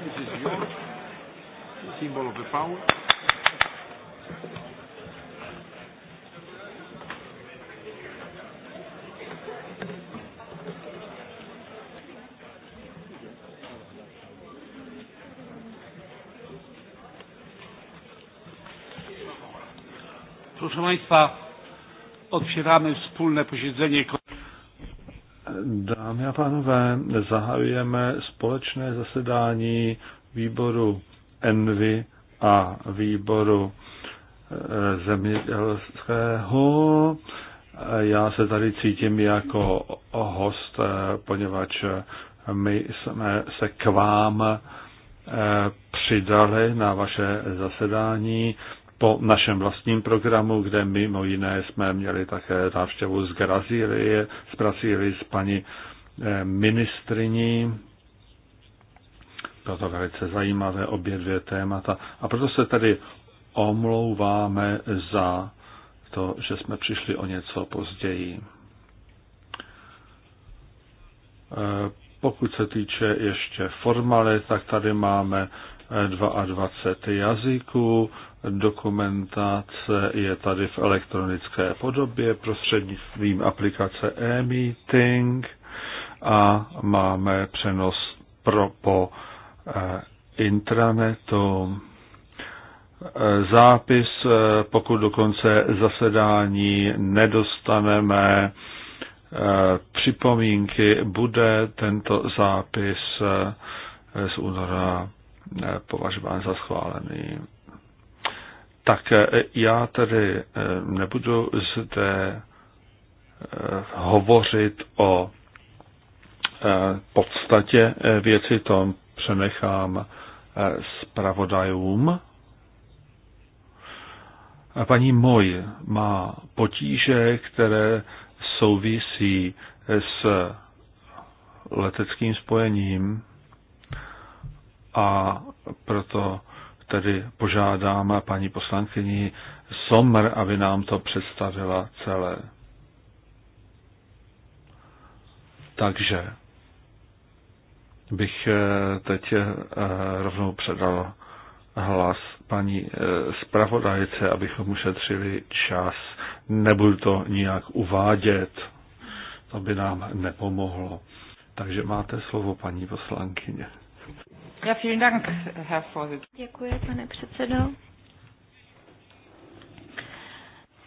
This is your symbol of the power. Proszę Państwa, otwieramy wspólne posiedzenie. Dámy a pánové, zahajujeme společné zasedání výboru Envy a výboru eh, zemědělského. Já se tady cítím jako host, eh, poněvadž my jsme se k vám eh, přidali na vaše zasedání po našem vlastním programu, kde mimo jiné jsme měli také návštěvu z Brazílie, z Brazílie s paní eh, ministriní. Bylo to velice zajímavé obě dvě témata. A proto se tady omlouváme za to, že jsme přišli o něco později. Eh, pokud se týče ještě formale, tak tady máme 22 eh, jazyků, Dokumentace je tady v elektronické podobě prostřednictvím aplikace e-meeting a máme přenos pro, po eh, intranetu. Eh, zápis, eh, pokud do konce zasedání nedostaneme připomínky, bude tento zápis z února považován za schválený. Tak eh, já tedy eh, nebudu zde eh, hovořit o podstatě věci, to přenechám zpravodajům. Paní Moj má potíže, které souvisí s leteckým spojením a proto tedy požádám paní poslankyni Sommer, aby nám to představila celé. Takže bych eh, teď eh, rovnou předal hlas paní eh, zpravodajce, abychom ušetřili čas. Nebudu to nijak uvádět, to by nám nepomohlo. Takže máte slovo, paní poslankyně. Ja, vielen Dank, Herr Vorsitzender. Děkuji, pane předsedo.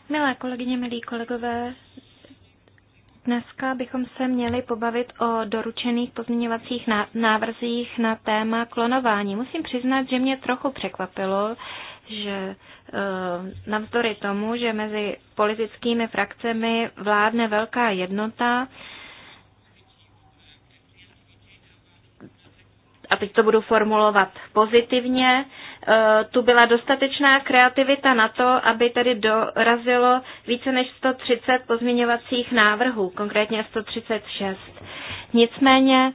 Milé kolegyně, milí kolegové, Dneska bychom se měli pobavit o doručených pozměňovacích návrzích na téma klonování. Musím přiznat, že mě trochu překvapilo, že eh, navzdory tomu, že mezi politickými frakcemi vládne velká jednota, teď to budu formulovat pozitivně, e, tu byla dostatečná kreativita na to, aby tady dorazilo více než 130 pozměňovacích návrhů, konkrétně 136. Nicméně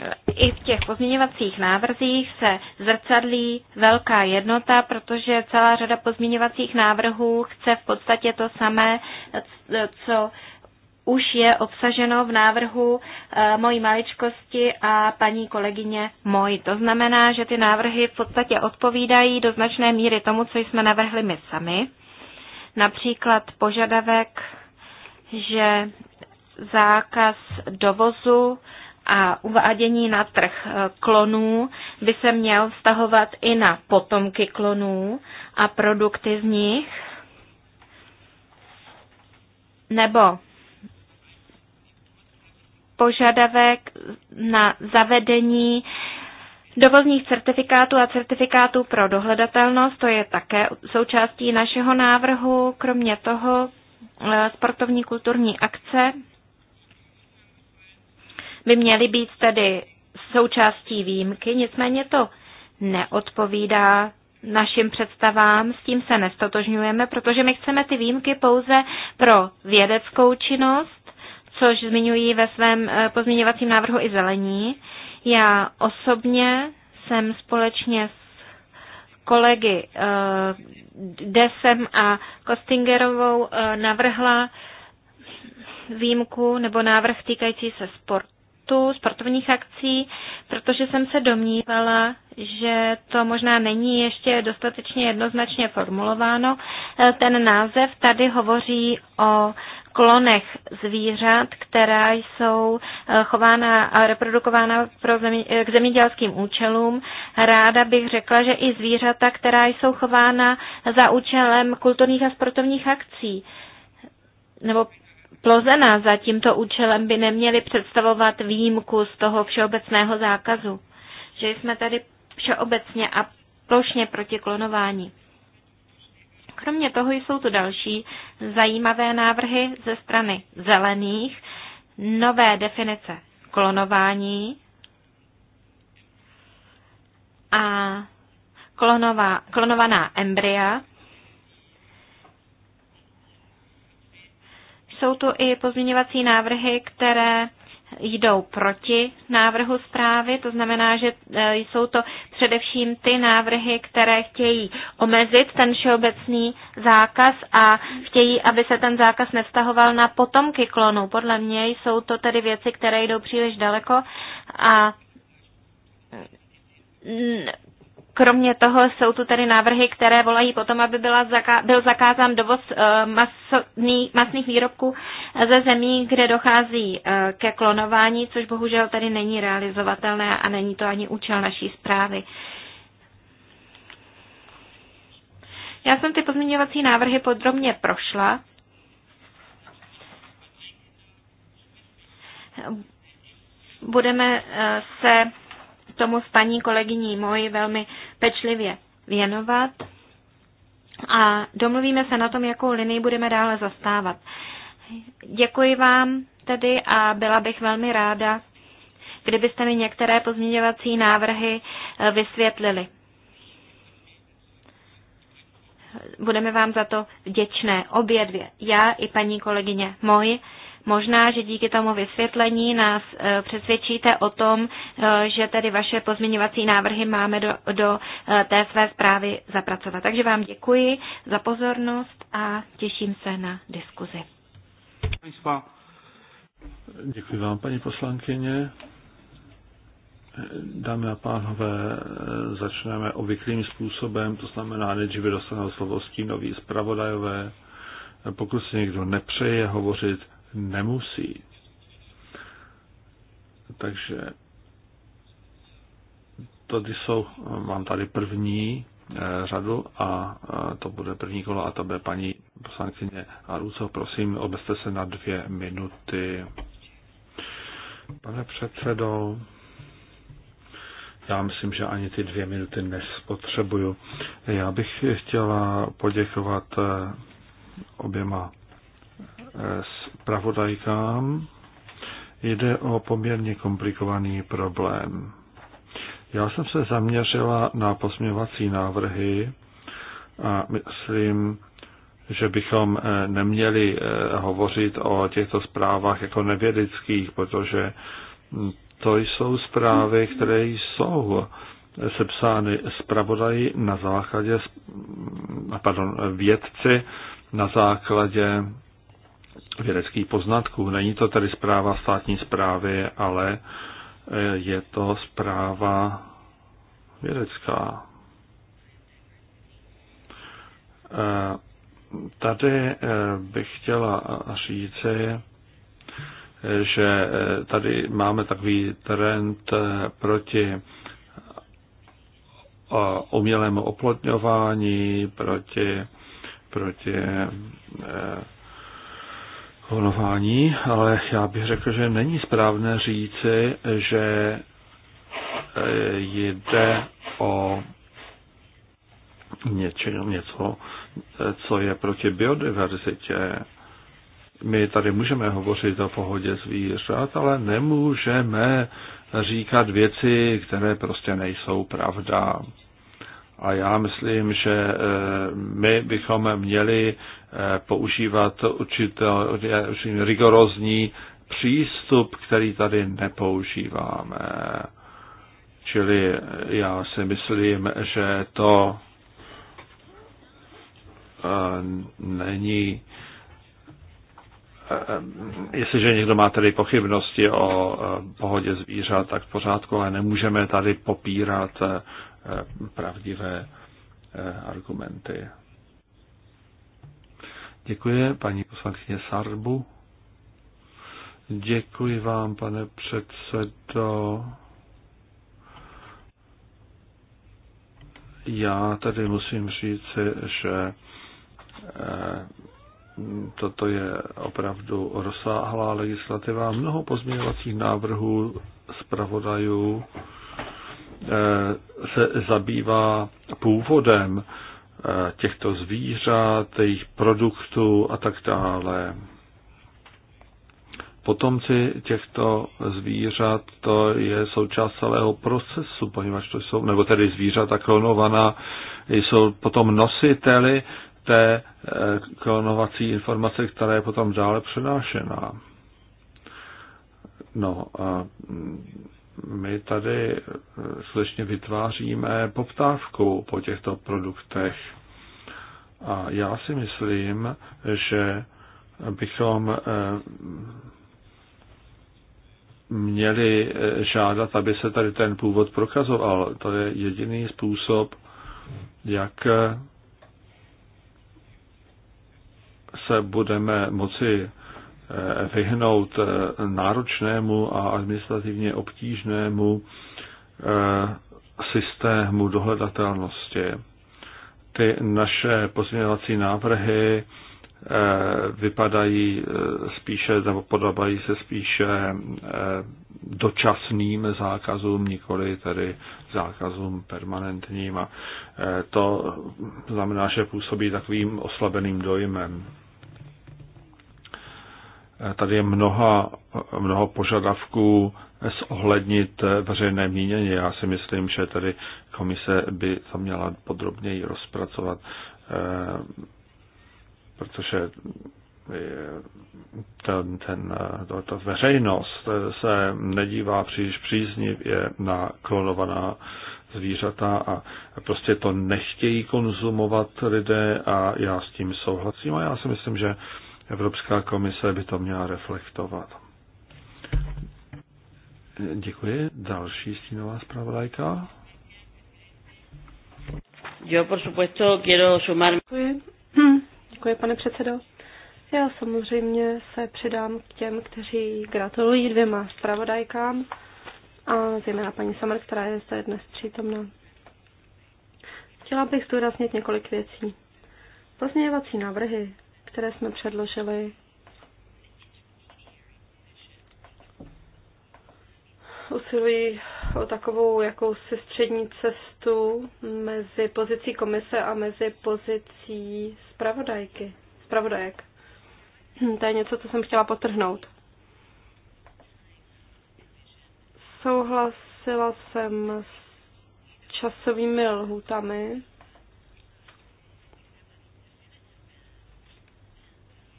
e, i v těch pozměňovacích návrzích se zrcadlí velká jednota, protože celá řada pozměňovacích návrhů chce v podstatě to samé, e, co už je obsaženo v návrhu eh, mojí maličkosti a paní kolegyně mojí. To znamená, že ty návrhy v podstatě odpovídají do značné míry tomu, co jsme navrhli my sami. Například požadavek, že zákaz dovozu a uvádění na trh eh, klonů by se měl vztahovat i na potomky klonů a produkty z nich, nebo požadavek na zavedení dovozních certifikátů a certifikátů pro dohledatelnost, to je také součástí našeho návrhu, kromě toho eh, sportovní kulturní akce by měly být tedy součástí výjimky, nicméně to neodpovídá našim představám, s tím se nestotožňujeme, protože my chceme ty výjimky pouze pro vědeckou činnost což zmiňují ve svém eh, pozměňovacím návrhu i zelení. Já osobně jsem společně s kolegy eh, Desem a Kostingerovou eh, navrhla výjimku nebo návrh týkající se sportu, sportovních akcí, protože jsem se domnívala, že to možná není ještě dostatečně jednoznačně formulováno. Ten název tady hovoří o klonech zvířat, která jsou eh, chována a reprodukována pro zemi, eh, k zemědělským účelům. Ráda bych řekla, že i zvířata, která jsou chována za účelem kulturních a sportovních akcí nebo plozená za tímto účelem by neměly představovat výjimku z toho všeobecného zákazu. Že jsme tady všeobecně a plošně proti klonování. Kromě toho jsou tu další zajímavé návrhy ze strany zelených, nové definice klonování a klonová, klonovaná embrya. Jsou tu i pozměňovací návrhy, které jdou proti návrhu zprávy, to znamená, že e, jsou to především ty návrhy, které chtějí omezit ten všeobecný zákaz a chtějí, aby se ten zákaz nevztahoval na potomky klonů. Podle mě jsou to tedy věci, které jdou příliš daleko a Kromě toho jsou tu tedy návrhy, které volají potom, aby byla zaká- byl zakázán dovoz eh, masný, masných výrobků ze zemí, kde dochází eh, ke klonování, což bohužel tady není realizovatelné a není to ani účel naší zprávy. Já jsem ty pozměňovací návrhy podrobně prošla. Budeme eh, se tomu s paní kolegyní moji velmi pečlivě věnovat a domluvíme se na tom, jakou linii budeme dále zastávat. Děkuji vám tedy a byla bych velmi ráda, kdybyste mi některé pozměňovací návrhy eh, vysvětlili. Budeme vám za to vděčné, obě dvě, já i paní kolegyně Moj. Možná, že díky tomu vysvětlení nás eh, přesvědčíte o tom, eh, že tedy vaše pozměňovací návrhy máme do, do eh, té své zprávy zapracovat. Takže vám děkuji za pozornost a těším se na diskuzi. Děkuji vám, paní poslankyně. Dámy a pánové, začneme obvyklým způsobem, to znamená, nejdříve dostanou slovo nový zpravodajové. Pokud si někdo nepřeje hovořit, nemusí. Takže tady jsou, mám tady první eh, řadu a eh, to bude první kolo a to bude paní poslankyně Aruco. Prosím, obeste se na dvě minuty. Pane předsedo, já myslím, že ani ty dvě minuty nespotřebuju. Já bych chtěla poděkovat eh, oběma s pravodajkám Jde o poměrně komplikovaný problém. Já jsem se zaměřila na posměvací návrhy a myslím, že bychom eh, neměli eh, hovořit o těchto zprávách jako nevědeckých, protože hm, to jsou zprávy, které jsou sepsány zpravodaji na základě, hm, pardon, vědci na základě vědeckých poznatků. Není to tedy zpráva státní zprávy, ale e, je to zpráva vědecká. E, tady e, bych chtěla říci, že tady máme takový trend proti umělému oplotňování, proti, proti klonování, ale já bych řekl, že není správné říci, že eh, jde o něče, něco, co je proti biodiverzitě. My tady můžeme hovořit o pohodě zvířat, ale nemůžeme říkat věci, které prostě nejsou pravda. A já myslím, že eh, my bychom měli Eh, používat určitý rigorózní přístup, který tady nepoužíváme. Čili já si myslím, že to eh, není. Eh, jestliže někdo má tady pochybnosti o pohodě zvířat, tak v pořádku, ale nemůžeme tady popírat pravdivé argumenty. Děkuji paní poslankyně Sarbu. Děkuji vám, pane předsedo. Já tady musím říci, že eh, toto je opravdu rozsáhlá legislativa. Mnoho pozměňovacích návrhů zpravodajů eh, se zabývá původem Eh, těchto zvířat, jejich produktů a tak dále. Potomci těchto zvířat, to je součást celého procesu, poněvadž to jsou, nebo tedy zvířata klonovaná, jsou potom nositeli té eh, klonovací informace, která je potom dále přenášená. No, a mm, my tady eh, skutečně vytváříme poptávku po těchto produktech. A já si myslím, že bychom eh, měli eh, žádat, aby se tady ten původ prokazoval. To je jediný způsob, jak se budeme moci vyhnout eh, náročnému a administrativně obtížnému eh, systému dohledatelnosti. Ty naše pozměňovací návrhy eh, vypadají spíše, nebo podobají se spíše dočasným zákazům, nikoli tedy zákazům permanentním. A to znamená, že působí takovým oslabeným dojmem. Eh, tady je mnoha, eh, mnoho požadavků eh, zohlednit veřejné mínění. Já si myslím, že tady komise by to měla podrobněji rozpracovat, protože ten, ten, to, to veřejnost se nedívá příliš příznivě na klonovaná zvířata a prostě to nechtějí konzumovat lidé a já s tím souhlasím a já si myslím, že Evropská komise by to měla reflektovat. Děkuji. Další stínová zpravodajka. Yo, por supuesto, quiero sumar. Děkuji. Děkuji, pane předsedo. Já samozřejmě se přidám k těm, kteří gratulují dvěma zpravodajkám a zejména paní Samar, která je zde dnes přítomná. Chtěla bych zdůraznit několik věcí. Pozměňovací návrhy které jsme předložili, usilují o takovou jakousi střední cestu mezi pozicí komise a mezi pozicí zpravodajky, zpravodajek. To je něco, co jsem chtěla potrhnout. Souhlasila jsem s časovými lhutami,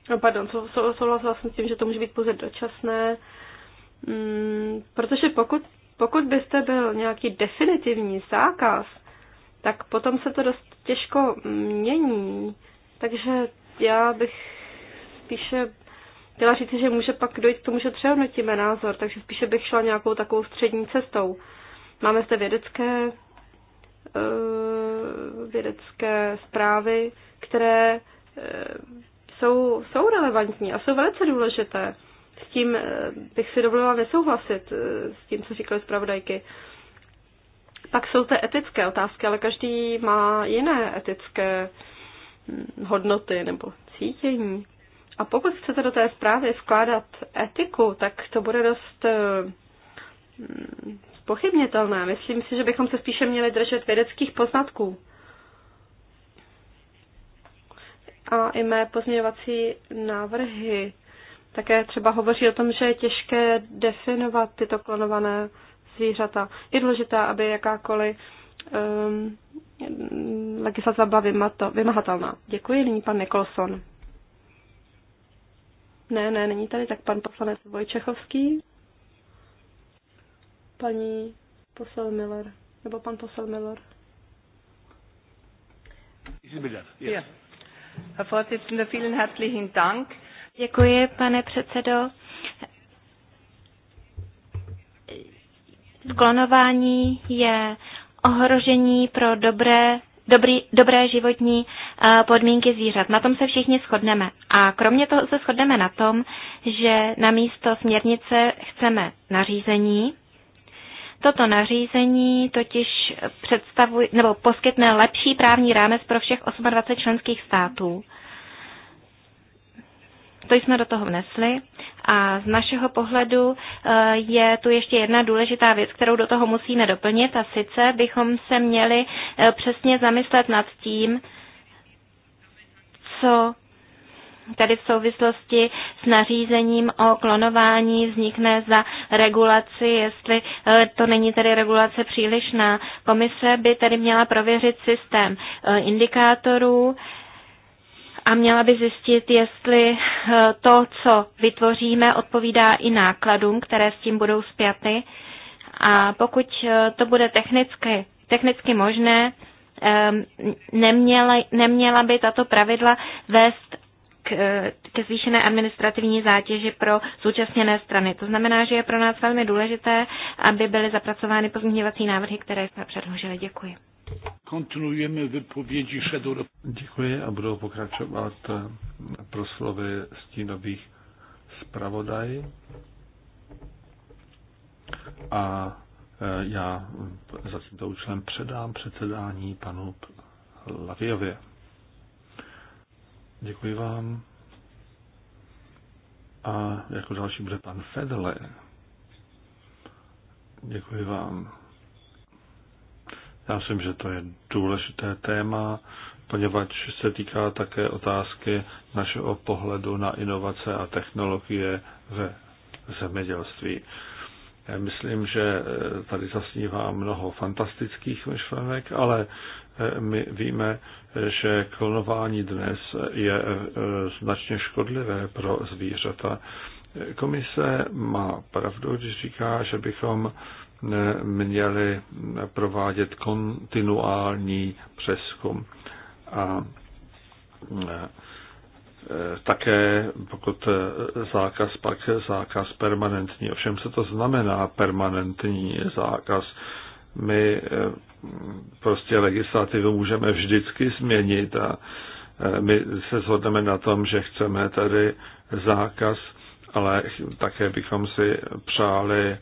no pardon, sou, sou, souhlasila jsem s tím, že to může být pouze dočasné, mm, protože pokud, pokud byste byl nějaký definitivní zákaz, tak potom se to dost těžko mění. Takže já bych spíše chtěla říct, že může pak dojít k tomu, že přehodnotíme názor, takže spíše bych šla nějakou takovou střední cestou. Máme zde vědecké, eh, vědecké zprávy, které eh, jsou, jsou relevantní a jsou velice důležité. S tím eh, bych si dovolila nesouhlasit, eh, s tím, co říkali zpravodajky. Pak jsou to etické otázky, ale každý má jiné etické hm, hodnoty nebo cítění. A pokud chcete do té zprávy vkládat etiku, tak to bude dost eh, hm, pochybnitelné. Myslím si, že bychom se spíše měli držet vědeckých poznatků. a i mé pozměňovací návrhy také třeba hovoří o tom, že je těžké definovat tyto klonované zvířata. Je důležité, aby jakákoliv um, legislativa byla vymahatelná. Děkuji, nyní pan Nikolson. Ne, ne, není tady, tak pan poslanec Vojčechovský. Paní posel Miller, nebo pan posel Miller. yes. Yeah. Děkuji, pane předsedo. Sklonování je ohrožení pro dobré, dobrý, dobré životní eh, podmínky zvířat. Na tom se všichni shodneme. A kromě toho se shodneme na tom, že na místo směrnice chceme nařízení, Toto nařízení totiž představuje, nebo poskytne lepší právní rámec pro všech 28 členských států. To jsme do toho vnesli a z našeho pohledu eh, je tu ještě jedna důležitá věc, kterou do toho musíme doplnit a sice bychom se měli eh, přesně zamyslet nad tím, co tady v souvislosti s nařízením o klonování vznikne za regulaci, jestli eh, to není tedy regulace přílišná. Komise by tedy měla prověřit systém eh, indikátorů, a měla by zjistit, jestli eh, to, co vytvoříme, odpovídá i nákladům, které s tím budou spjaty. A pokud to bude technicky, technicky možné, neměla, neměla by tato pravidla vést k, eh, ke zvýšené administrativní zátěži pro současněné strany. To znamená, že je pro nás velmi důležité, aby byly zapracovány pozměňovací návrhy, které jsme předložili. Děkuji. Kontinuujeme vypovědi Šedora. Děkuji a budou pokračovat eh, proslovy stínových zpravodaj. A eh, já za tímto účelem předám předsedání panu Laviově. Děkuji vám. A jako další bude pan Fedele. Děkuji vám. Já myslím, že to je důležité téma, poněvadž se týká také otázky našeho pohledu na inovace a technologie ve zemědělství. Myslím, že eh, tady zasnívá mnoho fantastických myšlenek, ale eh, my víme, že klonování dnes je eh, značně škodlivé pro zvířata. Komise má pravdu, když říká, že bychom měli provádět kontinuální přeskum. A Eh, také pokud eh, zákaz, pak zákaz permanentní. Ovšem, co to znamená permanentní zákaz? My eh, prostě legislativu můžeme vždycky změnit a my se shodneme na tom, že chceme tady zákaz, ale také bychom si přáli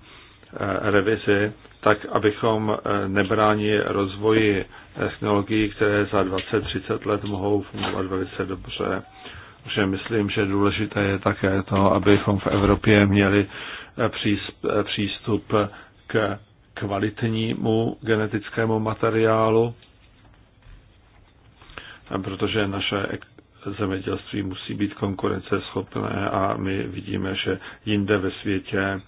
revizi, tak abychom nebrání rozvoji technologií, které za 20-30 let mohou fungovat velice dobře že myslím, že důležité je také to, abychom v Evropě měli eh, eh, přístup k kvalitnímu genetickému materiálu, eh, protože naše zemědělství musí být konkurenceschopné a my vidíme, že jinde ve světě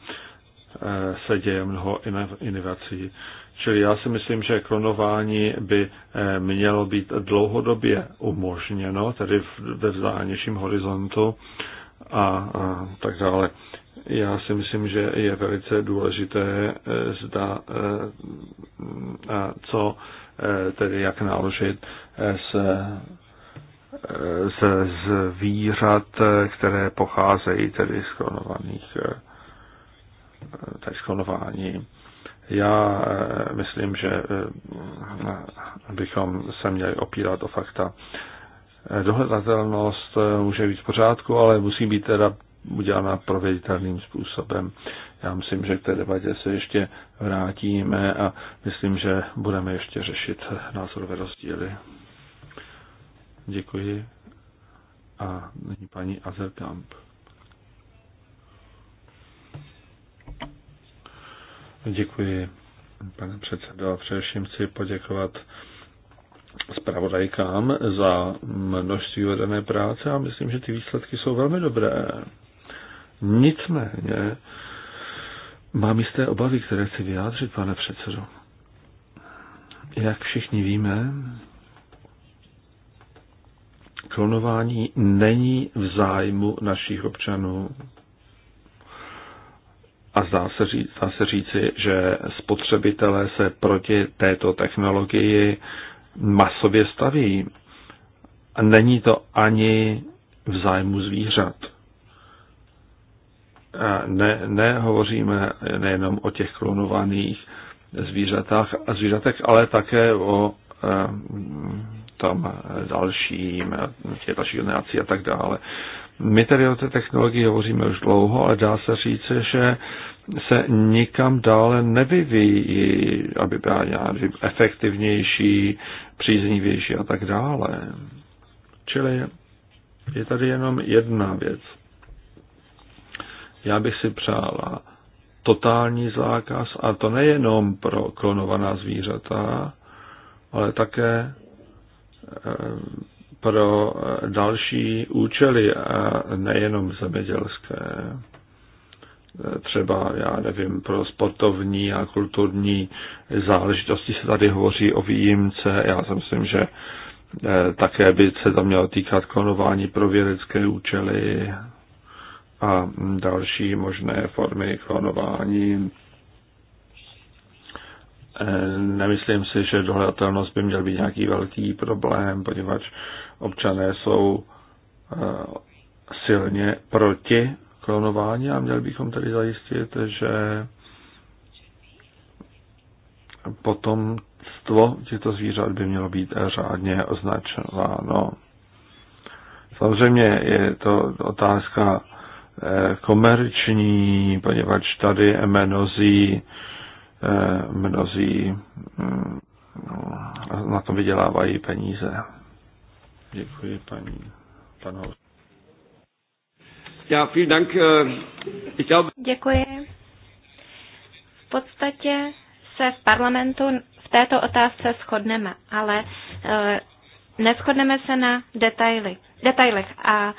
se děje mnoho inovací. Čili já si myslím, že klonování by eh, mělo být dlouhodobě umožněno, tedy ve vzdálenějším horizontu a, a tak dále. Já si myslím, že je velice důležité, eh, zda, eh, a co tedy jak naložit s ze zvířat, které pocházejí tedy z klonovaných tady sklonování. Já eh, myslím, že eh, bychom se měli opírat o fakta. Eh, dohledatelnost může být v pořádku, ale musí být teda udělána proveditelným způsobem. Já myslím, že k té debatě se ještě vrátíme a myslím, že budeme ještě řešit názorové rozdíly. Děkuji. A nyní paní Azerkamp. Děkuji, pane předsedo, a především chci poděkovat zpravodajkám za množství vedené práce a myslím, že ty výsledky jsou velmi dobré. Nicméně mám jisté obavy, které chci vyjádřit, pane předsedo. Jak všichni víme, klonování není v zájmu našich občanů a zdá se, říct, zdá se říci, že spotřebitelé se proti této technologii masově staví. A není to ani v zájmu zvířat. A ne, nehovoříme nejenom o těch klonovaných zvířatách a zvířatech, ale také o e, eh, tam dalším, těch dalších generací a tak dále. My tady o té technologii hovoříme už dlouho, ale dá se říci, že se nikam dále nevyvíjí, aby byla nějaký efektivnější, příznivější a tak dále. Čili je tady jenom jedna věc. Já bych si přála totální zákaz, a to nejenom pro klonovaná zvířata, ale také pro eh, další účely a nejenom zemědělské. Eh, třeba, já nevím, pro sportovní a kulturní záležitosti se tady hovoří o výjimce. Já si myslím, že eh, také by se tam mělo týkat klonování pro vědecké účely a další možné formy klonování Nemyslím si, že dohledatelnost by měl být nějaký velký problém, poněvadž občané jsou eh, silně proti klonování a měli bychom tedy zajistit, že potomstvo těchto zvířat by mělo být řádně označováno. Samozřejmě je to otázka eh, komerční, poněvadž tady mnozí Eh, mnozí mm, na tom vydělávají peníze. Děkuji paní panu. Já vielen Dank. Eh, ich glaube... Děkuji. V podstatě se v parlamentu v této otázce shodneme, ale eh, neschodneme se na detaily, detailech. A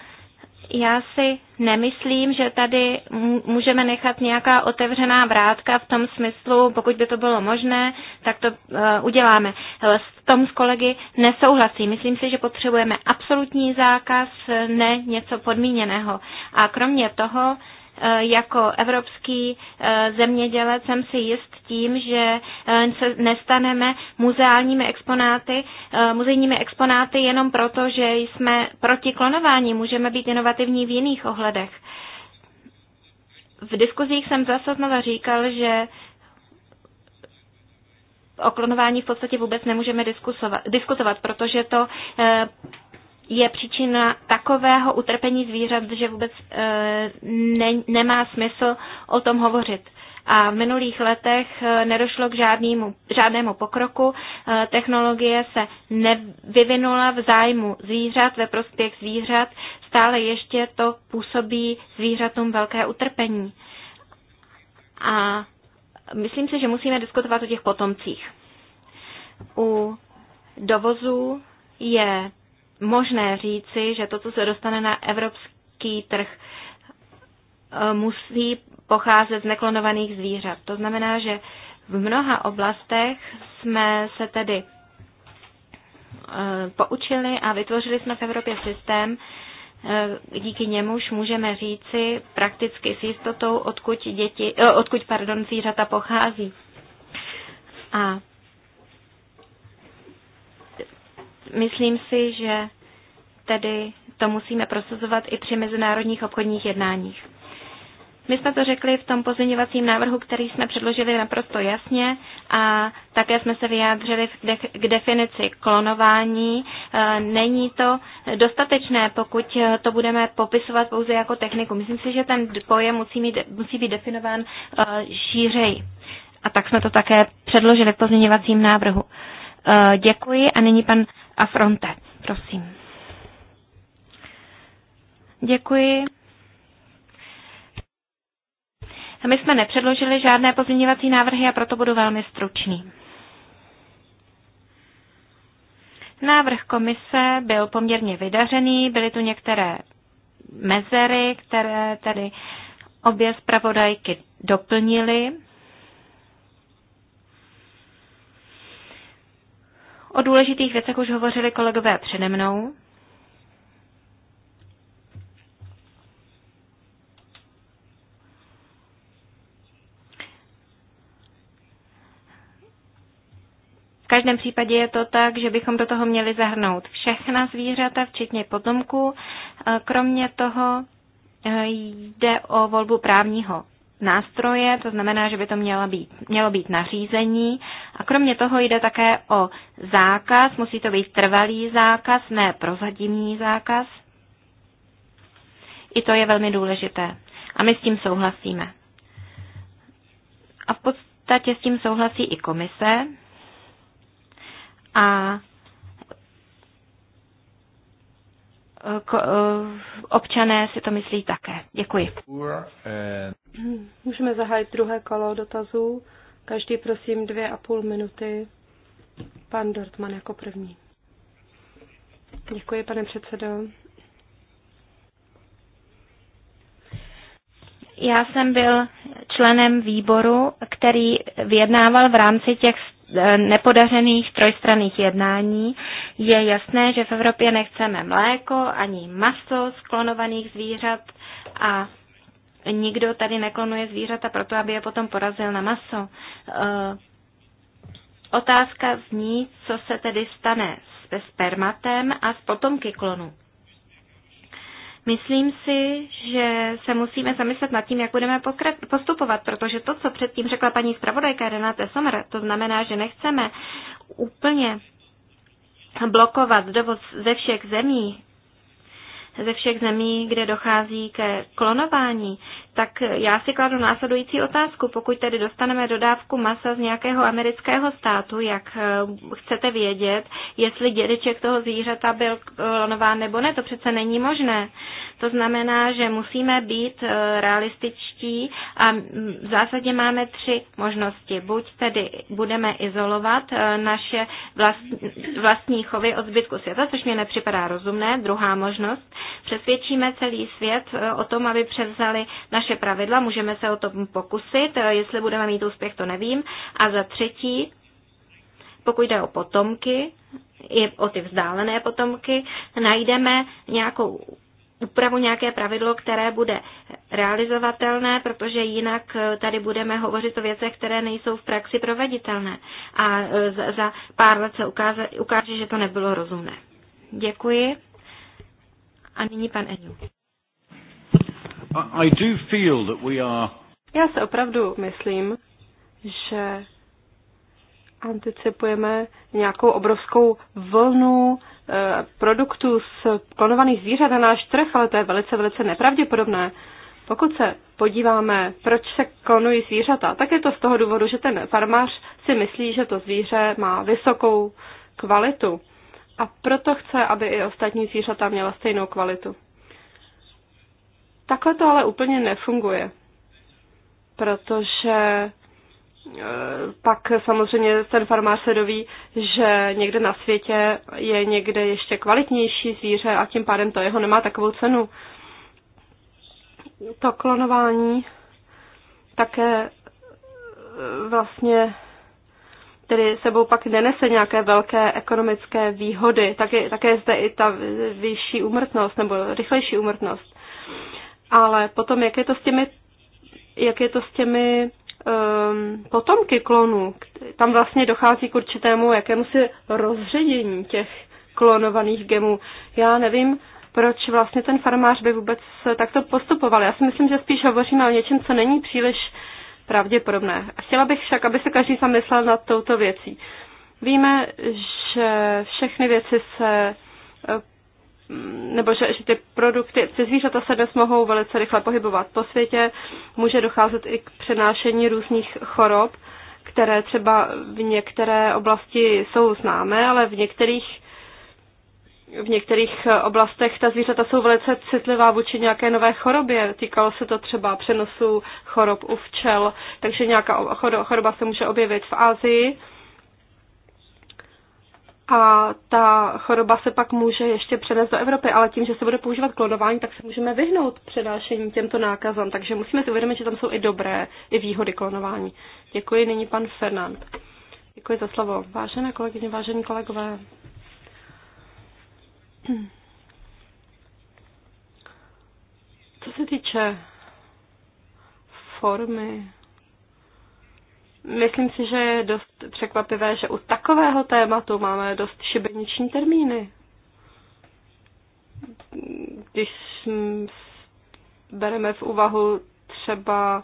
já si nemyslím, že tady můžeme nechat nějaká otevřená vrátka v tom smyslu, pokud by to bylo možné, tak to eh, uděláme. S tom s kolegy nesouhlasí. Myslím si, že potřebujeme absolutní zákaz, ne něco podmíněného. A kromě toho Eh, jako evropský eh, zemědělec jsem si jist tím, že eh, se nestaneme muzeálními exponáty, muzejními exponáty jenom proto, že jsme proti klonování, můžeme být inovativní v jiných ohledech. V diskuzích jsem zase znova říkal, že o klonování v podstatě vůbec nemůžeme diskutovat, protože to je příčina takového utrpení zvířat, že vůbec e, ne, nemá smysl o tom hovořit a v minulých letech e, nedošlo k žádnému, žádnému pokroku. E, technologie se nevyvinula v zájmu zvířat, ve prospěch zvířat. Stále ještě to působí zvířatům velké utrpení. A myslím si, že musíme diskutovat o těch potomcích. U dovozů je možné říci, že to, co se dostane na evropský trh, eh, musí pocházet z neklonovaných zvířat. To znamená, že v mnoha oblastech jsme se tedy eh, poučili a vytvořili jsme v Evropě systém, eh, díky němuž můžeme říci prakticky s jistotou, odkud, děti, odkud pardon, zvířata pochází. A Myslím si, že tedy to musíme prosazovat i při mezinárodních obchodních jednáních. My jsme to řekli v tom pozměňovacím návrhu, který jsme předložili naprosto jasně a také jsme se vyjádřili k definici klonování. E, není to dostatečné, pokud e, to budeme popisovat pouze jako techniku. Myslím si, že ten pojem musí, mít, musí být definován e, šířej. A tak jsme to také předložili v pozměňovacím návrhu. Děkuji a nyní pan a Fronte. Prosím. Děkuji. My jsme nepředložili žádné pozměňovací návrhy a proto budu velmi stručný. Návrh komise byl poměrně vydařený, byly tu některé mezery, které tedy obě zpravodajky doplnily. O důležitých věcech už hovořili kolegové přede mnou. V každém případě je to tak, že bychom do toho měli zahrnout všechna zvířata, včetně potomků. E, kromě toho e, jde o volbu právního nástroje, to znamená, že by to mělo být, mělo být nařízení. A kromě toho jde také o zákaz, musí to být trvalý zákaz, ne prozatímní zákaz. I to je velmi důležité. A my s tím souhlasíme. A v podstatě s tím souhlasí i komise. A Eh, občané si to myslí také. Děkuji. Můžeme zahájit druhé kolo dotazů. Každý prosím dvě a půl minuty. Pan Dortman jako první. Děkuji, pane předsedo. Já jsem byl členem výboru, který vyjednával v rámci těch eh, nepodařených trojstranných jednání. Je jasné, že v Evropě nechceme mléko ani maso z klonovaných zvířat a nikdo tady neklonuje zvířata proto, aby je potom porazil na maso. Eh, otázka zní, co se tedy stane se spermatem a s potomky klonu. Myslím si, že se musíme zamyslet nad tím, jak budeme postupovat, protože to, co předtím řekla paní zpravodajka Renate Somr, to znamená, že nechceme úplně blokovat dovoz ze všech zemí, ze všech zemí, kde dochází ke klonování tak já si kladu následující otázku. Pokud tedy dostaneme dodávku masa z nějakého amerického státu, jak eh, chcete vědět, jestli dědeček toho zvířata byl klonován nebo ne, to přece není možné. To znamená, že musíme být eh, realističtí a mm, v zásadě máme tři možnosti. Buď tedy budeme izolovat eh, naše vlastní chovy od zbytku světa, což mě nepřipadá rozumné. Druhá možnost, přesvědčíme celý svět o tom, aby převzali naše naše pravidla, můžeme se o to pokusit, eh, jestli budeme mít úspěch, to nevím. A za třetí, pokud jde o potomky, i o ty vzdálené potomky, najdeme nějakou úpravu, nějaké pravidlo, které bude realizovatelné, protože jinak eh, tady budeme hovořit o věcech, které nejsou v praxi proveditelné. A eh, za pár let se ukáže, ukáže že to nebylo rozumné. Děkuji. A nyní pan Eňu. I do feel that we are... Já se opravdu myslím, že anticipujeme nějakou obrovskou vlnu eh, produktů z klonovaných zvířat na náš trh, ale to je velice, velice nepravděpodobné. Pokud se podíváme, proč se klonují zvířata, tak je to z toho důvodu, že ten farmář si myslí, že to zvíře má vysokou kvalitu. A proto chce, aby i ostatní zvířata měla stejnou kvalitu. Takhle to ale úplně nefunguje, protože eh, pak samozřejmě ten farmář se doví, že někde na světě je někde ještě kvalitnější zvíře a tím pádem to jeho nemá takovou cenu. To klonování také eh, vlastně tedy sebou pak nenese nějaké velké ekonomické výhody. Také, také je zde i ta vyšší úmrtnost nebo rychlejší úmrtnost. Ale potom, jak je to s těmi, jak je to s těmi um, potomky klonů? Tam vlastně dochází k určitému jakémusi rozředění těch klonovaných gemů. Já nevím, proč vlastně ten farmář by vůbec takto postupoval. Já si myslím, že spíš hovoříme o něčem, co není příliš pravděpodobné. Chtěla bych však, aby se každý zamyslel nad touto věcí. Víme, že všechny věci se nebo že, že ty produkty, ty zvířata se dnes mohou velice rychle pohybovat po světě, může docházet i k přenášení různých chorob, které třeba v některé oblasti jsou známé, ale v některých v některých oblastech ta zvířata jsou velice citlivá vůči nějaké nové chorobě. Týkalo se to třeba přenosu chorob u včel, takže nějaká choroba se může objevit v Asii a ta choroba se pak může ještě přenést do Evropy, ale tím, že se bude používat klonování, tak se můžeme vyhnout přenášení těmto nákazám, takže musíme si uvědomit, že tam jsou i dobré, i výhody klonování. Děkuji, nyní pan Fernand. Děkuji za slovo. Vážené kolegyně, vážení kolegové. Co se týče formy Myslím si, že je dost překvapivé, že u takového tématu máme dost šibeniční termíny. Když bereme v úvahu třeba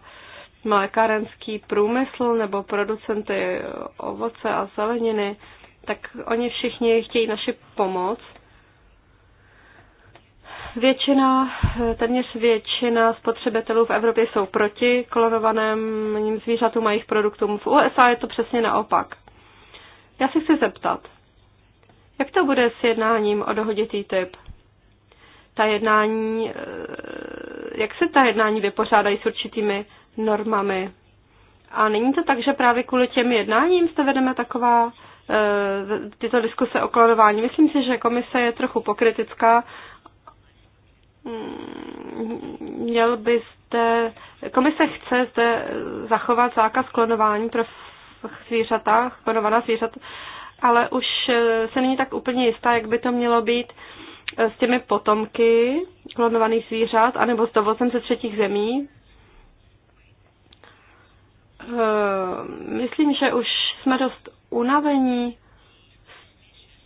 mlékárenský průmysl nebo producenty ovoce a zeleniny, tak oni všichni chtějí naši pomoc, Většina, téměř většina spotřebitelů v Evropě jsou proti klonovaným zvířatům a jejich produktům. V USA je to přesně naopak. Já si chci zeptat, jak to bude s jednáním o dohodě TTIP? Ta jednání, eh, jak se ta jednání vypořádají s určitými normami? A není to tak, že právě kvůli těm jednáním jste vedeme taková eh, tyto diskuse o klonování. Myslím si, že komise je trochu pokritická Hmm, měl byste, komise chce zde zachovat zákaz klonování pro zvířata, klonovaná zvířata, ale už se není tak úplně jistá, jak by to mělo být s těmi potomky klonovaných zvířat, anebo s dovozem ze třetích zemí. Ehm, myslím, že už jsme dost unavení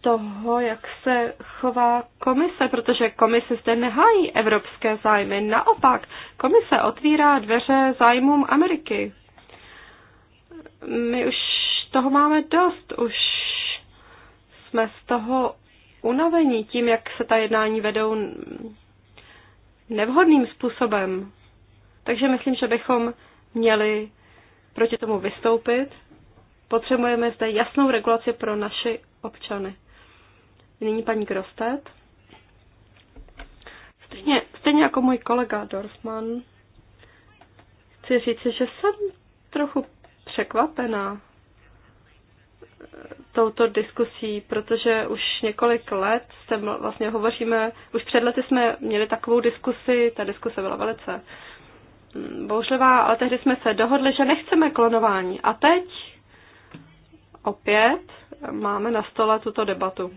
toho, jak se chová komise, protože komise zde nehájí evropské zájmy. Naopak, komise otvírá dveře zájmům Ameriky. My už toho máme dost, už jsme z toho unavení tím, jak se ta jednání vedou nevhodným způsobem. Takže myslím, že bychom měli proti tomu vystoupit. Potřebujeme zde jasnou regulaci pro naši občany. Nyní paní Grostet. Stejně, stejně jako můj kolega Dorfman, chci říct, že jsem trochu překvapená eh, touto diskusí, protože už několik let jsem vlastně hovoříme, už před lety jsme měli takovou diskusi, ta diskuse byla velice hm, bouřlivá, ale tehdy jsme se dohodli, že nechceme klonování. A teď opět máme na stole tuto debatu.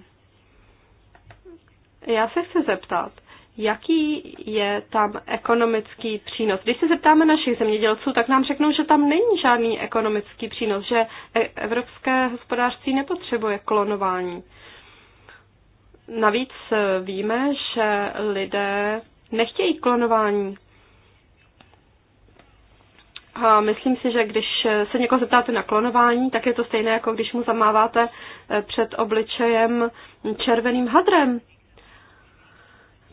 Já se chci zeptat, jaký je tam ekonomický přínos. Když se zeptáme našich zemědělců, tak nám řeknou, že tam není žádný ekonomický přínos, že e- evropské hospodářství nepotřebuje klonování. Navíc víme, že lidé nechtějí klonování. A myslím si, že když se někoho zeptáte na klonování, tak je to stejné, jako když mu zamáváte e, před obličejem červeným hadrem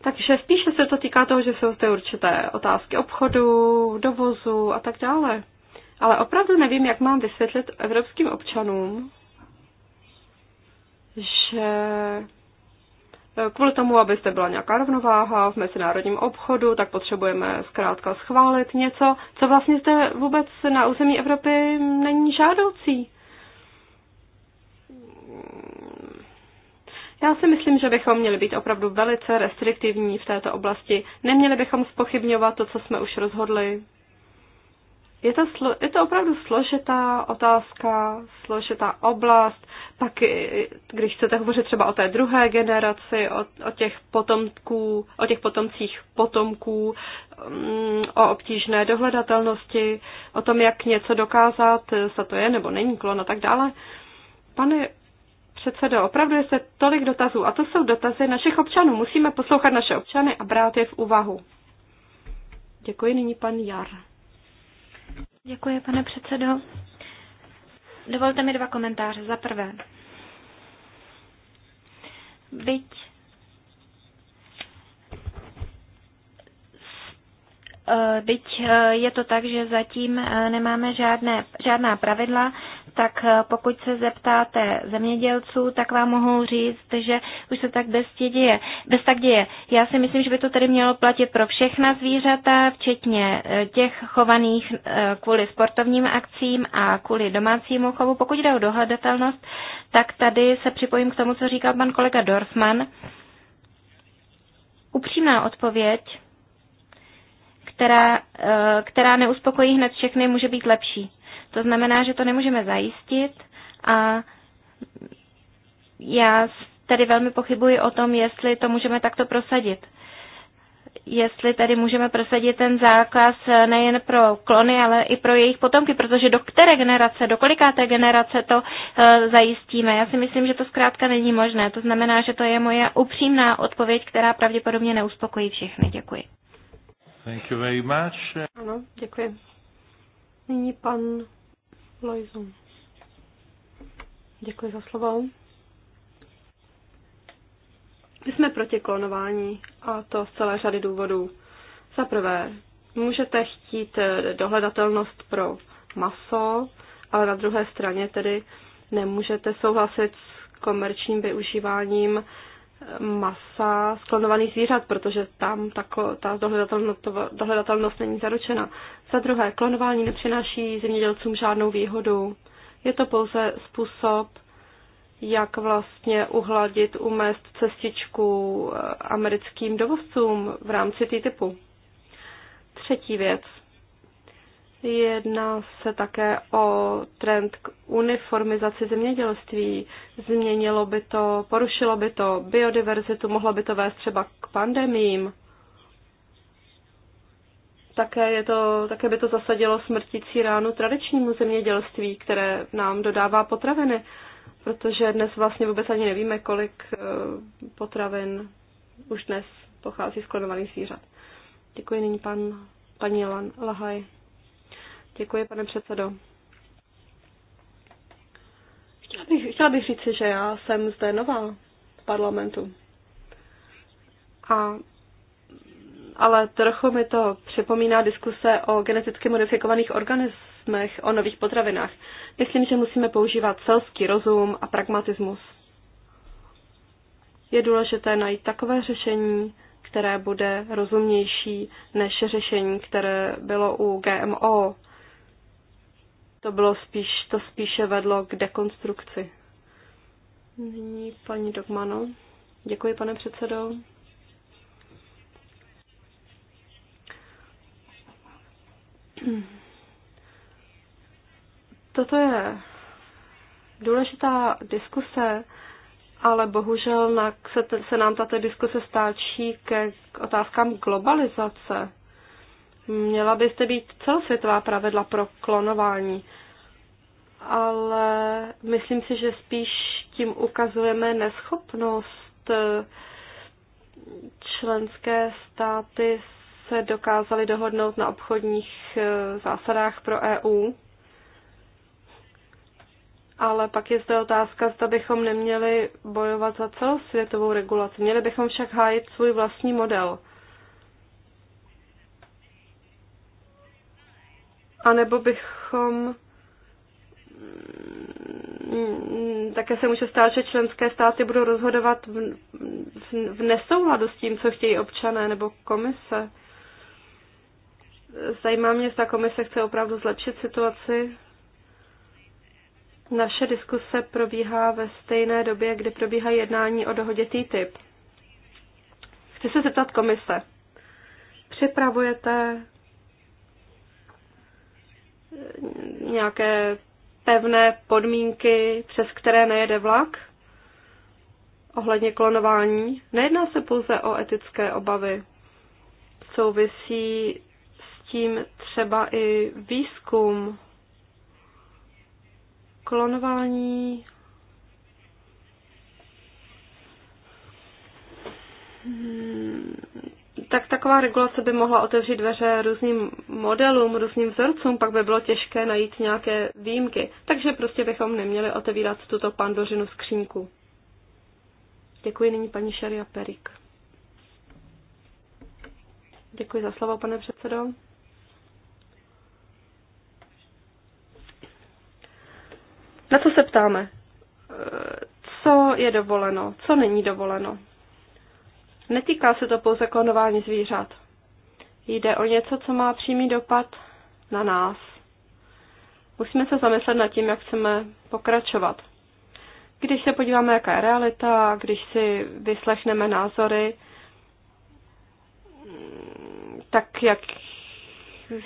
takže spíše se to týká toho, že jsou zde určité otázky obchodu, dovozu a tak dále. Ale opravdu nevím, jak mám vysvětlit evropským občanům, že eh, kvůli tomu, aby zde byla nějaká rovnováha v mezinárodním obchodu, tak potřebujeme zkrátka schválit něco, co vlastně zde vůbec na území Evropy není žádoucí. Já si myslím, že bychom měli být opravdu velice restriktivní v této oblasti. Neměli bychom spochybňovat to, co jsme už rozhodli. Je to, slo, je to opravdu složitá otázka, složitá oblast. Pak, když chcete hovořit třeba o té druhé generaci, o, o těch potomků, o těch potomcích potomků, mm, o obtížné dohledatelnosti, o tom, jak něco dokázat, za to je nebo není klon a tak dále. Pane předsedo, opravdu je se tolik dotazů a to jsou dotazy našich občanů. Musíme poslouchat naše občany a brát je v úvahu. Děkuji nyní pan Jar. Děkuji, pane předsedo. Dovolte mi dva komentáře. Za prvé, byť Eh, byť eh, je to tak, že zatím eh, nemáme žádné, žádná pravidla, tak pokud se zeptáte zemědělců, tak vám mohou říct, že už se tak bez, děje, bez tak děje. Já si myslím, že by to tedy mělo platit pro všechna zvířata, včetně těch chovaných kvůli sportovním akcím a kvůli domácímu chovu. Pokud jde o dohledatelnost, tak tady se připojím k tomu, co říkal pan kolega Dorfman. Upřímná odpověď která, eh, která neuspokojí hned všechny, může být lepší. To znamená, že to nemůžeme zajistit a já tady velmi pochybuji o tom, jestli to můžeme takto prosadit. Jestli tady můžeme prosadit ten zákaz eh, nejen pro klony, ale i pro jejich potomky, protože do které generace, do kolikáté generace to eh, zajistíme. Já si myslím, že to zkrátka není možné. To znamená, že to je moje upřímná odpověď, která pravděpodobně neuspokojí všechny. Děkuji. Thank you very much. Ano, děkuji. Nyní pan Loizu. Děkuji za slovo. My jsme proti klonování a to z celé řady důvodů. Za prvé, můžete chtít dohledatelnost pro maso, ale na druhé straně tedy nemůžete souhlasit s komerčním využíváním masa sklonovaných zvířat, protože tam tako, ta dohledatelnost, dohledatelnost není zaručena. Za druhé, klonování nepřináší zemědělcům žádnou výhodu. Je to pouze způsob, jak vlastně uhladit, umést cestičku eh, americkým dovozcům v rámci TTIPu. Třetí věc. Jedná se také o trend k uniformizaci zemědělství. Změnilo by to, porušilo by to biodiverzitu, mohlo by to vést třeba k pandemím. Také, je to, také by to zasadilo smrtící ránu tradičnímu zemědělství, které nám dodává potraviny, protože dnes vlastně vůbec ani nevíme, kolik eh, potravin už dnes pochází z klonovaných zvířat. Děkuji nyní pan, paní Lahaj. Děkuji, pane předsedo. Chtěla bych, chtěla bych říci, že já jsem zde nová v parlamentu. A, ale trochu mi to připomíná diskuse o geneticky modifikovaných organismech, o nových potravinách. Myslím, že musíme používat celský rozum a pragmatismus. Je důležité najít takové řešení, které bude rozumnější než řešení, které bylo u GMO to bylo spíš, to spíše vedlo k dekonstrukci. Nyní paní Dogmano. Děkuji, pane předsedo. Toto je důležitá diskuse, ale bohužel se, nám tato diskuse stáčí ke k otázkám globalizace. Měla byste být celosvětová pravidla pro klonování, ale myslím si, že spíš tím ukazujeme neschopnost eh, členské státy se dokázaly dohodnout na obchodních eh, zásadách pro EU. Ale pak je zde otázka, zda bychom neměli bojovat za celosvětovou regulaci. Měli bychom však hájit svůj vlastní model. anebo bychom mm, také se může stát, že členské státy budou rozhodovat v, v, v nesouladu s tím, co chtějí občané nebo komise. Zajímá mě, zda komise chce opravdu zlepšit situaci. Naše diskuse probíhá ve stejné době, kdy probíhá jednání o dohodě TTIP. Chci se zeptat komise. Připravujete nějaké pevné podmínky, přes které nejede vlak ohledně klonování. Nejedná se pouze o etické obavy. Souvisí s tím třeba i výzkum. Klonování tak taková regulace by mohla otevřít dveře různým modelům, různým vzorcům, pak by bylo těžké najít nějaké výjimky. Takže prostě bychom neměli otevírat tuto pandořinu skřínku. Děkuji nyní paní Šaria Perik. Děkuji za slovo, pane předsedo. Na co se ptáme? Co je dovoleno? Co není dovoleno? Netýká se to pouze klonování zvířat. Jde o něco, co má přímý dopad na nás. Musíme se zamyslet nad tím, jak chceme pokračovat. Když se podíváme, jaká je realita, když si vyslechneme názory, tak jak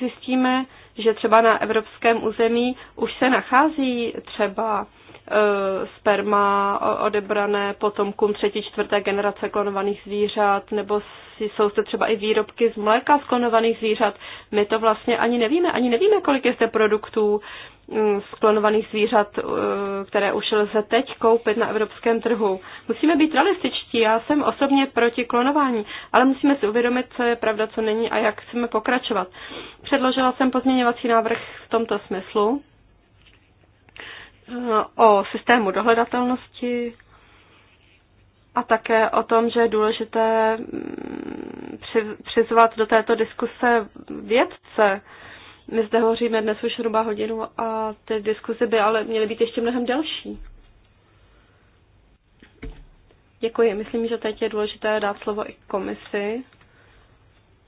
zjistíme, že třeba na evropském území už se nachází třeba Eh, sperma odebrané potomkům třetí, čtvrté generace klonovaných zvířat, nebo jsou zde třeba i výrobky z mléka z klonovaných zvířat. My to vlastně ani nevíme, ani nevíme, kolik je zde produktů mm, z klonovaných zvířat, eh, které už lze teď koupit na evropském trhu. Musíme být realističtí, já jsem osobně proti klonování, ale musíme si uvědomit, co je pravda, co není a jak chceme pokračovat. Předložila jsem pozměňovací návrh v tomto smyslu o systému dohledatelnosti a také o tom, že je důležité mm, přizvat do této diskuse vědce. My zde hovoříme dnes už hruba hodinu a ty diskuze by ale měly být ještě mnohem delší. Děkuji. Myslím, že teď je důležité dát slovo i komisi.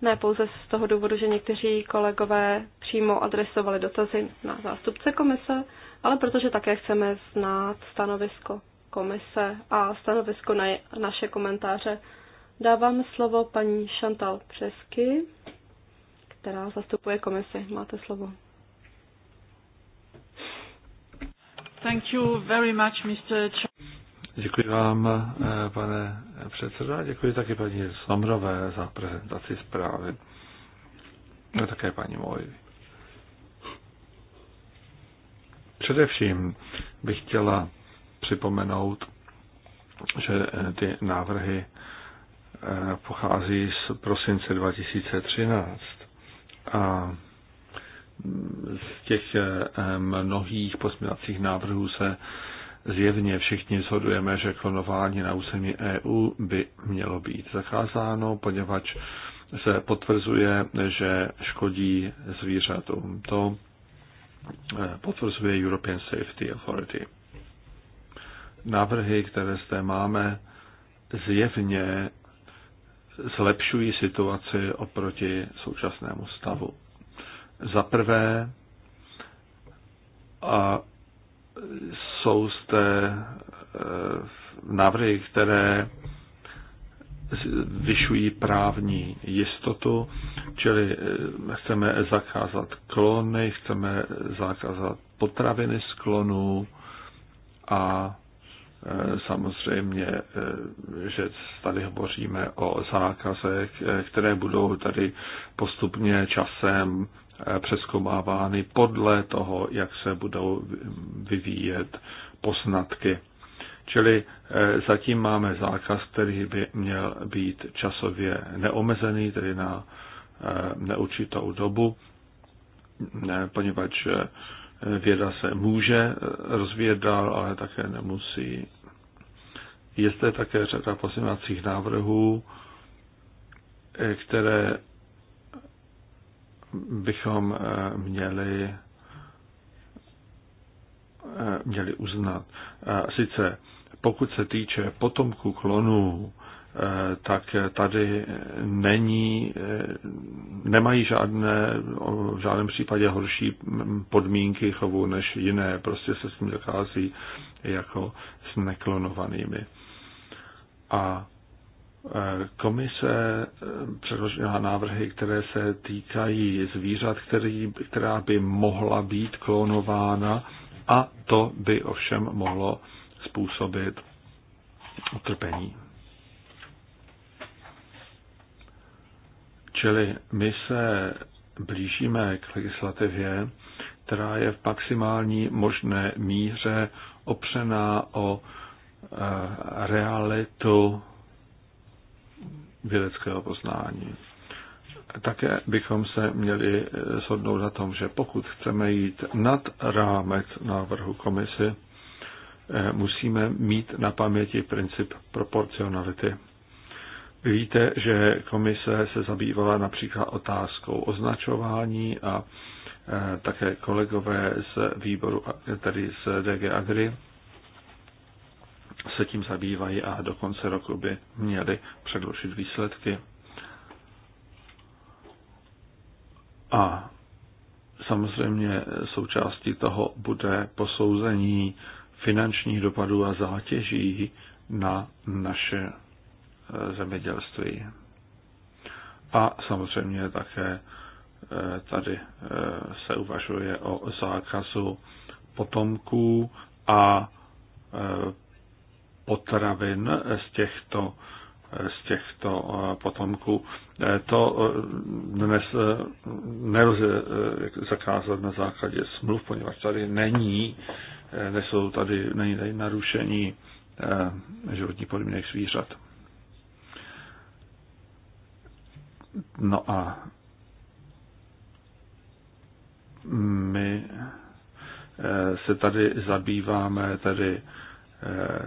Ne pouze z toho důvodu, že někteří kolegové přímo adresovali dotazy na zástupce komise, ale protože také chceme znát stanovisko komise a stanovisko na naše komentáře. Dávám slovo paní Chantal Přesky, která zastupuje komisi. Máte slovo. Thank you very much, Mr. Děkuji vám, eh, pane předsedo, a děkuji taky paní Somrové za prezentaci zprávy a také paní Mojvi. Především bych chtěla připomenout, že eh, ty návrhy eh, pochází z prosince 2013 a z těch eh, mnohých pozměňovacích návrhů se zjevně všichni shodujeme, že klonování na území EU by mělo být zakázáno, poněvadž se potvrzuje, že škodí zvířatům. To Eh, potvrzuje European Safety Authority. Návrhy, které zde máme, zjevně zlepšují situaci oproti současnému stavu. Za prvé, a jsou zde eh, návrhy, které zvyšují právní jistotu, čili eh, chceme zakázat klony, chceme zakázat potraviny z klonů a eh, samozřejmě, eh, že tady hovoříme o zákazech, které budou tady postupně časem přeskomávány podle toho, jak se budou vyvíjet poznatky Čili eh, zatím máme zákaz, který by měl být časově neomezený, tedy na eh, neurčitou dobu, eh, poněvadž věda se může rozvíjet dál, ale také nemusí. Je zde také řada pozměňovacích návrhů, které bychom měli měli uznat. Sice pokud se týče potomku klonů, eh, tak tady není, eh, nemají žádné, v žádném případě horší podmínky chovu než jiné. Prostě se s tím dochází jako s neklonovanými. A eh, komise předložila návrhy, které se týkají zvířat, který, která by mohla být klonována a to by ovšem mohlo způsobit utrpení. Čili my se blížíme k legislativě, která je v maximální možné míře opřená o e, realitu vědeckého poznání. Také bychom se měli e, shodnout na tom, že pokud chceme jít nad rámec návrhu komisy, Eh, musíme mít na paměti princip proporcionality. Vy víte, že komise se zabývala například otázkou označování a eh, také kolegové z výboru, tedy z DG Agri, se tím zabývají a do konce roku by měli předložit výsledky. A samozřejmě součástí toho bude posouzení finančních dopadů a zátěží na naše e, zemědělství. A samozřejmě také e, tady e, se uvažuje o zákazu potomků a potravin z těchto, z těchto potomků. To dnes nelze zakázat na základě smluv, poněvadž tady není nesou tady, není tady narušení eh, životních podmínek zvířat. No a my eh, se tady zabýváme tady eh,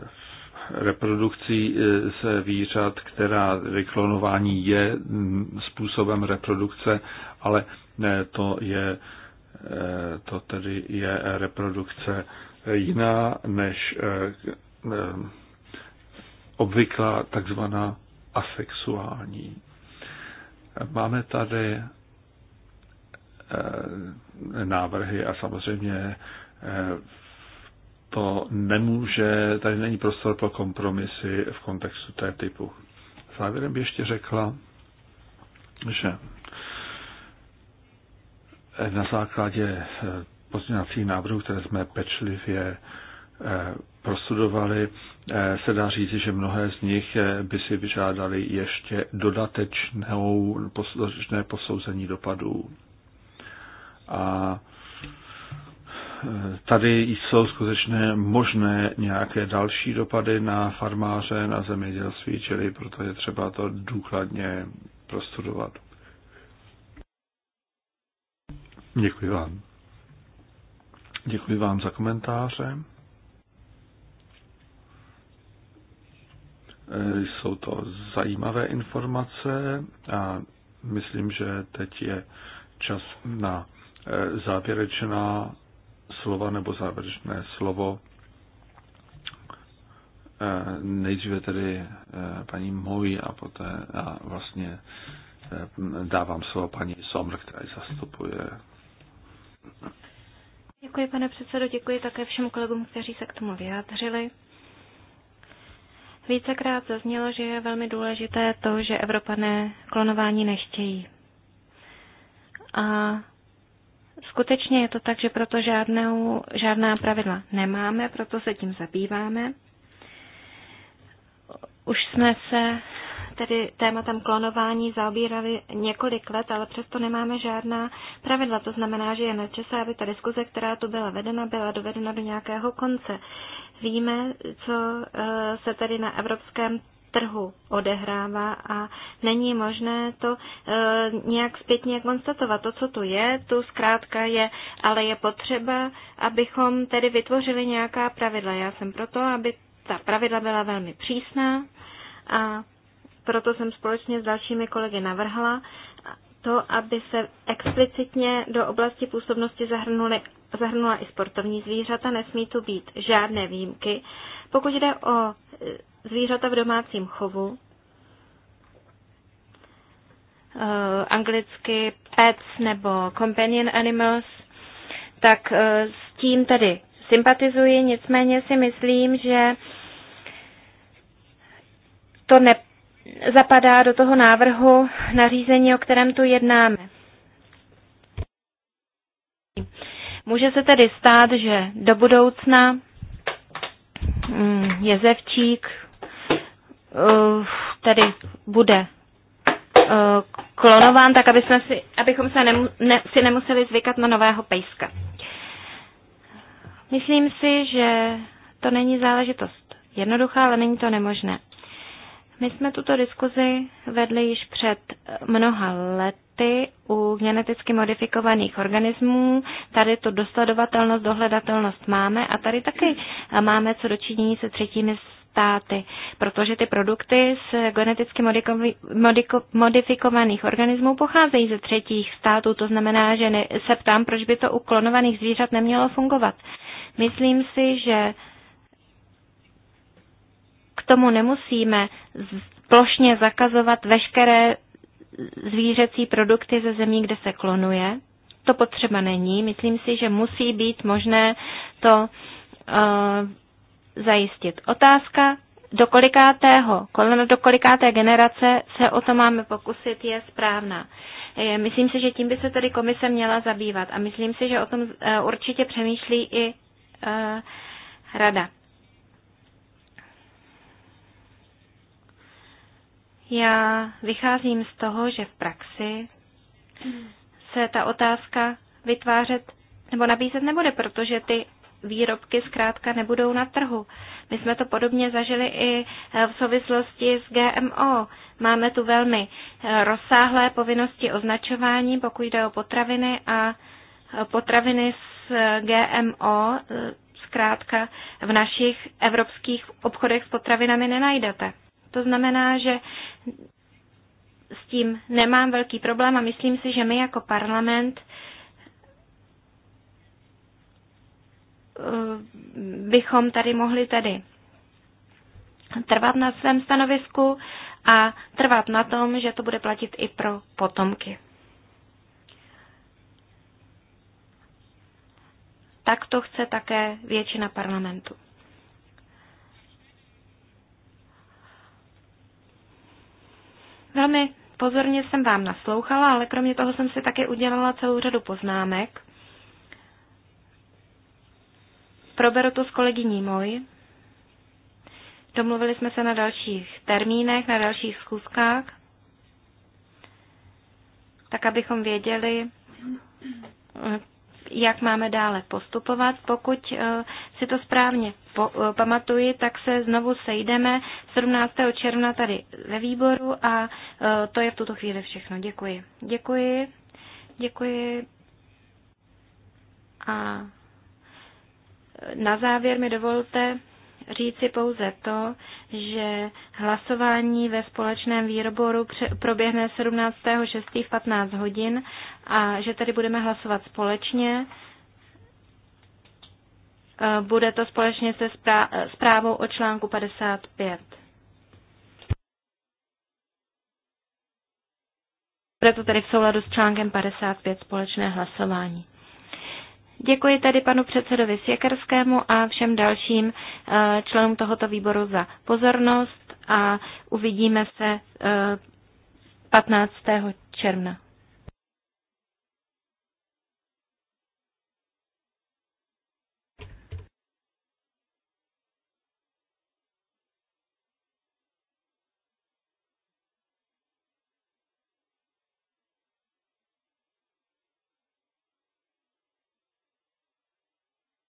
reprodukcí se výřad, která vyklonování je mm, způsobem reprodukce, ale ne, to je to tedy je reprodukce jiná než eh, eh, obvyklá takzvaná asexuální. Máme tady eh, návrhy a samozřejmě to nemůže, tady není prostor pro kompromisy v kontextu té typu. Závěrem bych ještě řekla, že na základě pozměňovacích návrhů, které jsme pečlivě eh, prostudovali, eh, se dá říci, že mnohé z nich eh, by si vyžádali ještě dodatečnou, dodatečné posouzení dopadů. A tady jsou skutečně možné nějaké další dopady na farmáře, na zemědělství, čili proto je třeba to důkladně prostudovat. Děkuji vám. Děkuji vám za komentáře. E, jsou to zajímavé informace a myslím, že teď je čas na e, závěrečná slova nebo závěrečné slovo. E, nejdříve tedy paní Moji a poté a vlastně dávám slovo paní Somr, která ji zastupuje. Děkuji, pane předsedo, děkuji také všem kolegům, kteří se k tomu vyjádřili. Vícekrát zaznělo, že je velmi důležité to, že Evropané klonování nechtějí. A skutečně je to tak, že proto žádnou, žádná pravidla nemáme, proto se tím zabýváme. Už jsme se tedy tématem klonování zaobírali několik let, ale přesto nemáme žádná pravidla. To znamená, že je na čase, aby ta diskuze, která tu byla vedena, byla dovedena do nějakého konce. Víme, co e, se tady na evropském trhu odehrává a není možné to e, nějak zpětně konstatovat. To, co tu je, tu zkrátka je, ale je potřeba, abychom tedy vytvořili nějaká pravidla. Já jsem proto, aby ta pravidla byla velmi přísná a proto jsem společně s dalšími kolegy navrhla to, aby se explicitně do oblasti působnosti zahrnuli, zahrnula i sportovní zvířata. Nesmí tu být žádné výjimky. Pokud jde o e, zvířata v domácím chovu, e, anglicky pets nebo companion animals, tak e, s tím tedy sympatizuji, nicméně si myslím, že to ne, zapadá do toho návrhu nařízení, o kterém tu jednáme. Může se tedy stát, že do budoucna mm, jezevčík eh, tedy bude eh, klonován, tak aby jsme si, abychom se nemu, ne, si nemuseli zvykat na nového pejska. Myslím si, že to není záležitost jednoduchá, ale není to nemožné. My jsme tuto diskuzi vedli již před mnoha lety u geneticky modifikovaných organismů. Tady tu dosledovatelnost, dohledatelnost máme a tady taky máme co dočinění se třetími státy, protože ty produkty z geneticky modifikovaných organismů pocházejí ze třetích států. To znamená, že se ptám, proč by to u klonovaných zvířat nemělo fungovat. Myslím si, že tomu nemusíme plošně zakazovat veškeré zvířecí produkty ze zemí, kde se klonuje. To potřeba není. Myslím si, že musí být možné to uh, zajistit. Otázka, do kolikátého, do kolikáté generace se o to máme pokusit, je správná. Eh, myslím si, že tím by se tedy komise měla zabývat a myslím si, že o tom eh, určitě přemýšlí i uh, rada. Já vycházím z toho, že v praxi se ta otázka vytvářet nebo nabízet nebude, protože ty výrobky zkrátka nebudou na trhu. My jsme to podobně zažili i eh, v souvislosti s GMO. Máme tu velmi eh, rozsáhlé povinnosti označování, pokud jde o potraviny a eh, potraviny s GMO zkrátka v našich evropských obchodech s potravinami nenajdete. To znamená, že s tím nemám velký problém a myslím si, že my jako parlament eh, bychom tady mohli tedy trvat na svém stanovisku a trvat na tom, že to bude platit i pro potomky. Tak to chce také většina parlamentu. Velmi pozorně jsem vám naslouchala, ale kromě toho jsem si také udělala celou řadu poznámek. Proberu to s kolegyní moj. Domluvili jsme se na dalších termínech, na dalších schůzkách, tak abychom věděli, jak máme dále postupovat. Pokud eh, si to správně eh, pamatuji, tak se znovu sejdeme 17. června tady ve výboru a eh, to je v tuto chvíli všechno. Děkuji. Děkuji. Děkuji. A na závěr mi dovolte říci pouze to, že hlasování ve společném výroboru proběhne 17.6. v 15 hodin a že tady budeme hlasovat společně. E, bude to společně se zprávou o článku 55. Bude to tedy v souladu s článkem 55 společné hlasování. Děkuji tady panu předsedovi Sěkerskému a všem dalším eh, členům tohoto výboru za pozornost a uvidíme se eh, 15. června.